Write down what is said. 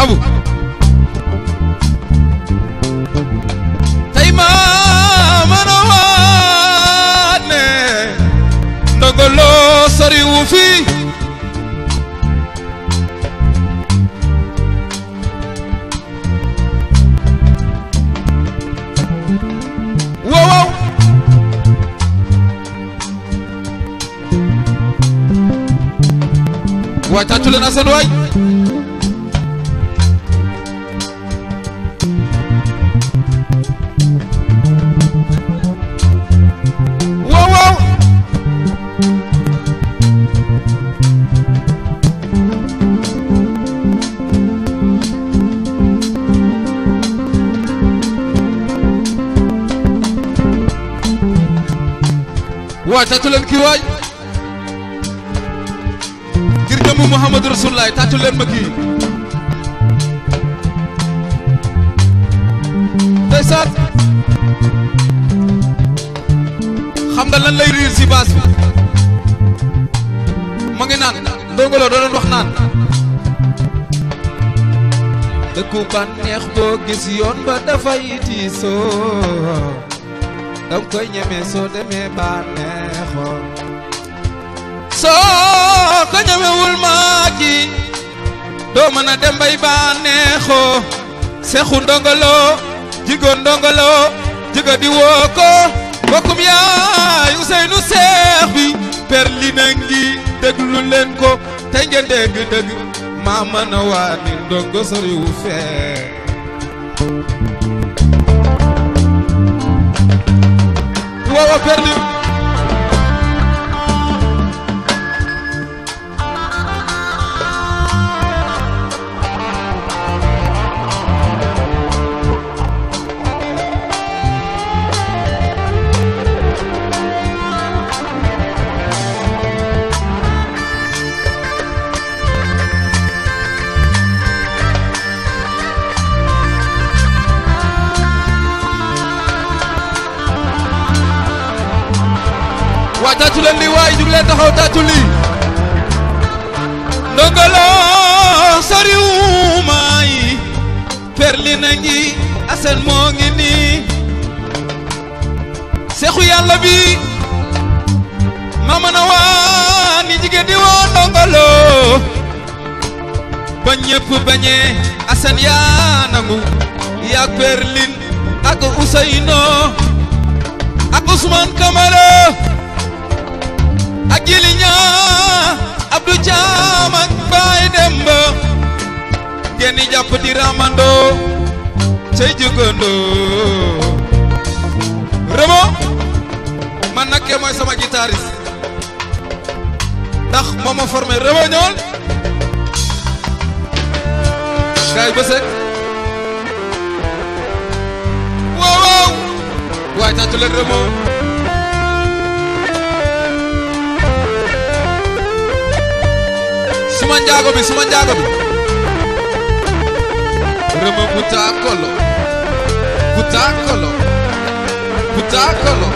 Abu. Taima manawane Togolo sari wufi ዋይታችሁ ልናሰን ወይ ዋይታችሁ ልንኪ ወይ ngir jëmm Muhammadu Rasulullaay tàccu leen ma kii ndeysaan xam nga lay riir si baas bi ma naan Ndongo Lo doo doon wax naan dëkku bànneex boo yoon ba dafay tiisoo danga koy ñeme soo demee bànneexoo soo doo mën a dem bay bànneexoo sexu ndongolo jigo ndongolo jigo di woo ko bokkum yaay Ousseynou Seex bi perlina ngi déglu leen ko tey ngeen dégg dëgg maa mën a waa ni ndongo soriwu fee woowa tàccu leen lii waaye taxaw tàccu lii Ndongo Lo soriwuma yi perli ngi Assane moo ngi nii sexu yàlla bi ma mën a waa ni jigéen di woo Ndongo ba ñëpp bañee Assane yaa nangu yaa perlin ak Ousseynou ak Ousmane Camara ak abdu abdou bay demba geni japp di ramando cey jugando remo man nak moy sama guitariste ndax moma formé remo ñol kay besek wow wow way tatu le remo suma njaago bi suma njaago bi rëma butaakolo butaakolo butaakolo